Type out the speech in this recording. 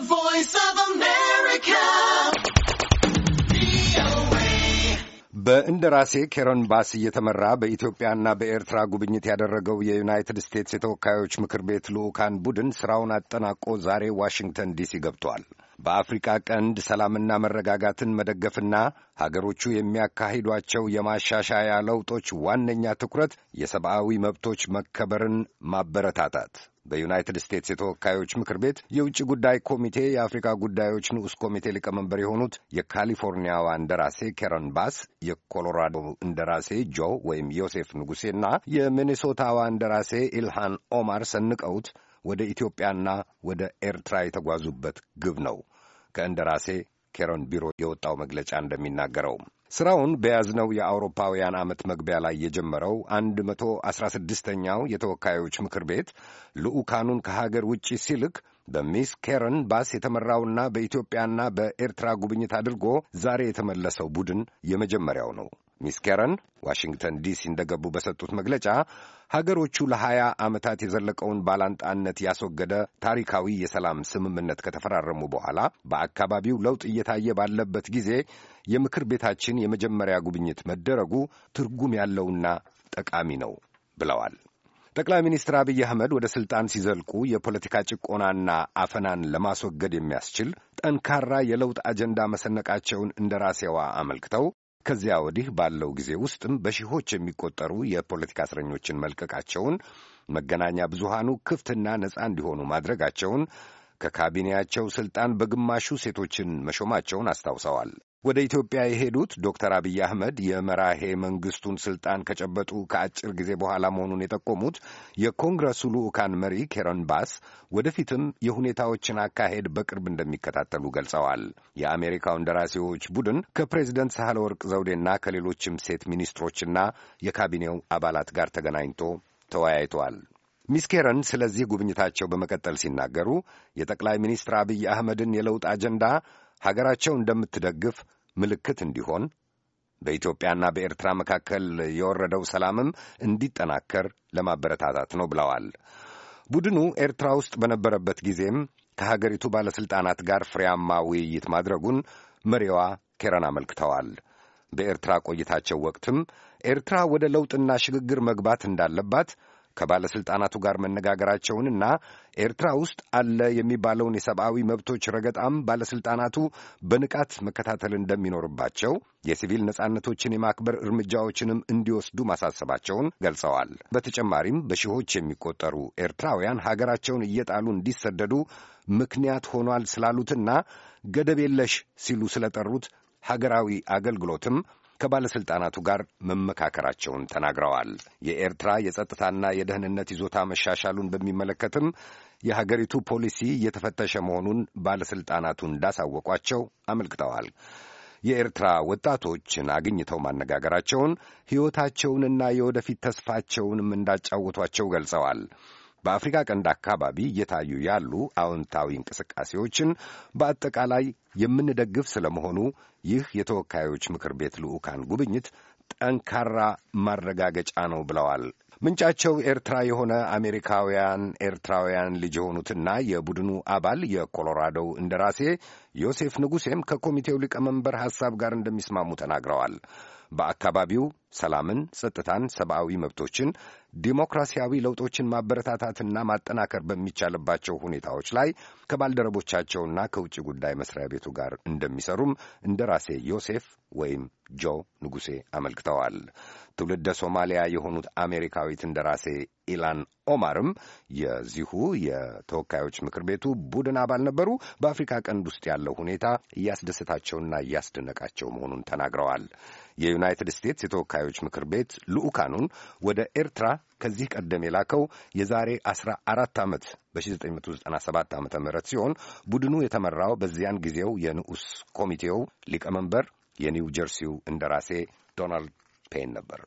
The Voice of በእንደራሴ ኬረን ባስ እየተመራ በኢትዮጵያና በኤርትራ ጉብኝት ያደረገው የዩናይትድ ስቴትስ የተወካዮች ምክር ቤት ልዑካን ቡድን ሥራውን አጠናቆ ዛሬ ዋሽንግተን ዲሲ ገብቷል። በአፍሪቃ ቀንድ ሰላምና መረጋጋትን መደገፍና ሀገሮቹ የሚያካሂዷቸው የማሻሻያ ለውጦች ዋነኛ ትኩረት የሰብአዊ መብቶች መከበርን ማበረታታት በዩናይትድ ስቴትስ የተወካዮች ምክር ቤት የውጭ ጉዳይ ኮሚቴ የአፍሪካ ጉዳዮች ንዑስ ኮሚቴ ሊቀመንበር የሆኑት የካሊፎርኒያዋ እንደራሴ ኬረን ባስ፣ የኮሎራዶ እንደራሴ ጆ ወይም ዮሴፍ ንጉሴና የሚኔሶታዋ እንደራሴ ኢልሃን ኦማር ሰንቀውት ወደ ኢትዮጵያና ወደ ኤርትራ የተጓዙበት ግብ ነው። ከእንደራሴ ኬረን ቢሮ የወጣው መግለጫ እንደሚናገረው ሥራውን በያዝነው የአውሮፓውያን ዓመት መግቢያ ላይ የጀመረው አስራ ኛው የተወካዮች ምክር ቤት ልዑካኑን ከሀገር ውጪ ሲልክ በሚስ ኬረን ባስ የተመራውና በኢትዮጵያና በኤርትራ ጉብኝት አድርጎ ዛሬ የተመለሰው ቡድን የመጀመሪያው ነው። ሚስ ኬረን ዋሽንግተን ዲሲ እንደገቡ በሰጡት መግለጫ ሀገሮቹ ለሀያ ዓመታት የዘለቀውን ባላንጣነት ያስወገደ ታሪካዊ የሰላም ስምምነት ከተፈራረሙ በኋላ በአካባቢው ለውጥ እየታየ ባለበት ጊዜ የምክር ቤታችን የመጀመሪያ ጉብኝት መደረጉ ትርጉም ያለውና ጠቃሚ ነው ብለዋል። ጠቅላይ ሚኒስትር አብይ አህመድ ወደ ሥልጣን ሲዘልቁ የፖለቲካ ጭቆናና አፈናን ለማስወገድ የሚያስችል ጠንካራ የለውጥ አጀንዳ መሰነቃቸውን እንደ ራሴዋ አመልክተው ከዚያ ወዲህ ባለው ጊዜ ውስጥም በሺዎች የሚቆጠሩ የፖለቲካ እስረኞችን መልቀቃቸውን፣ መገናኛ ብዙሃኑ ክፍትና ነፃ እንዲሆኑ ማድረጋቸውን፣ ከካቢኔያቸው ስልጣን በግማሹ ሴቶችን መሾማቸውን አስታውሰዋል። ወደ ኢትዮጵያ የሄዱት ዶክተር አብይ አህመድ የመራሄ መንግስቱን ስልጣን ከጨበጡ ከአጭር ጊዜ በኋላ መሆኑን የጠቆሙት የኮንግረሱ ልዑካን መሪ ኬረን ባስ ወደፊትም የሁኔታዎችን አካሄድ በቅርብ እንደሚከታተሉ ገልጸዋል። የአሜሪካው ደራሲዎች ቡድን ከፕሬዚደንት ሳህለ ወርቅ ዘውዴና ከሌሎችም ሴት ሚኒስትሮችና የካቢኔው አባላት ጋር ተገናኝቶ ተወያይተዋል። ሚስ ኬረን ስለዚህ ጉብኝታቸው በመቀጠል ሲናገሩ የጠቅላይ ሚኒስትር አብይ አህመድን የለውጥ አጀንዳ ሀገራቸው እንደምትደግፍ ምልክት እንዲሆን በኢትዮጵያና በኤርትራ መካከል የወረደው ሰላምም እንዲጠናከር ለማበረታታት ነው ብለዋል። ቡድኑ ኤርትራ ውስጥ በነበረበት ጊዜም ከሀገሪቱ ባለሥልጣናት ጋር ፍሬያማ ውይይት ማድረጉን መሪዋ ኬረን አመልክተዋል። በኤርትራ ቆይታቸው ወቅትም ኤርትራ ወደ ለውጥና ሽግግር መግባት እንዳለባት ከባለሥልጣናቱ ጋር መነጋገራቸውንና ኤርትራ ውስጥ አለ የሚባለውን የሰብአዊ መብቶች ረገጣም ባለሥልጣናቱ በንቃት መከታተል እንደሚኖርባቸው የሲቪል ነጻነቶችን የማክበር እርምጃዎችንም እንዲወስዱ ማሳሰባቸውን ገልጸዋል። በተጨማሪም በሺዎች የሚቆጠሩ ኤርትራውያን ሀገራቸውን እየጣሉ እንዲሰደዱ ምክንያት ሆኗል ስላሉትና ገደብ የለሽ ሲሉ ስለጠሩት ሀገራዊ አገልግሎትም ከባለሥልጣናቱ ጋር መመካከራቸውን ተናግረዋል። የኤርትራ የጸጥታና የደህንነት ይዞታ መሻሻሉን በሚመለከትም የሀገሪቱ ፖሊሲ እየተፈተሸ መሆኑን ባለሥልጣናቱ እንዳሳወቋቸው አመልክተዋል። የኤርትራ ወጣቶችን አግኝተው ማነጋገራቸውን ሕይወታቸውንና የወደፊት ተስፋቸውንም እንዳጫወቷቸው ገልጸዋል። በአፍሪካ ቀንድ አካባቢ እየታዩ ያሉ አዎንታዊ እንቅስቃሴዎችን በአጠቃላይ የምንደግፍ ስለመሆኑ ይህ የተወካዮች ምክር ቤት ልዑካን ጉብኝት ጠንካራ ማረጋገጫ ነው ብለዋል። ምንጫቸው ኤርትራ የሆነ አሜሪካውያን ኤርትራውያን ልጅ የሆኑትና የቡድኑ አባል የኮሎራዶው እንደራሴ ዮሴፍ ንጉሴም ከኮሚቴው ሊቀመንበር ሐሳብ ጋር እንደሚስማሙ ተናግረዋል። በአካባቢው ሰላምን፣ ጸጥታን፣ ሰብአዊ መብቶችን፣ ዲሞክራሲያዊ ለውጦችን ማበረታታትና ማጠናከር በሚቻልባቸው ሁኔታዎች ላይ ከባልደረቦቻቸውና ከውጭ ጉዳይ መስሪያ ቤቱ ጋር እንደሚሰሩም እንደራሴ ዮሴፍ ወይም ጆ ንጉሴ አመልክተዋል። ትውልደ ሶማሊያ የሆኑት አሜሪካዊት እንደራሴ ኢላን ኦማርም የዚሁ የተወካዮች ምክር ቤቱ ቡድን አባል ነበሩ። በአፍሪካ ቀንድ ውስጥ ያለው ሁኔታ እያስደሰታቸውና እያስደነቃቸው መሆኑን ተናግረዋል። የዩናይትድ ስቴትስ የተወካዮች ምክር ቤት ልዑካኑን ወደ ኤርትራ ከዚህ ቀደም የላከው የዛሬ 14 ዓመት በ1997 ዓ ም ሲሆን ቡድኑ የተመራው በዚያን ጊዜው የንዑስ ኮሚቴው ሊቀመንበር የኒው ጀርሲው እንደራሴ ዶናልድ ፔን ነበር።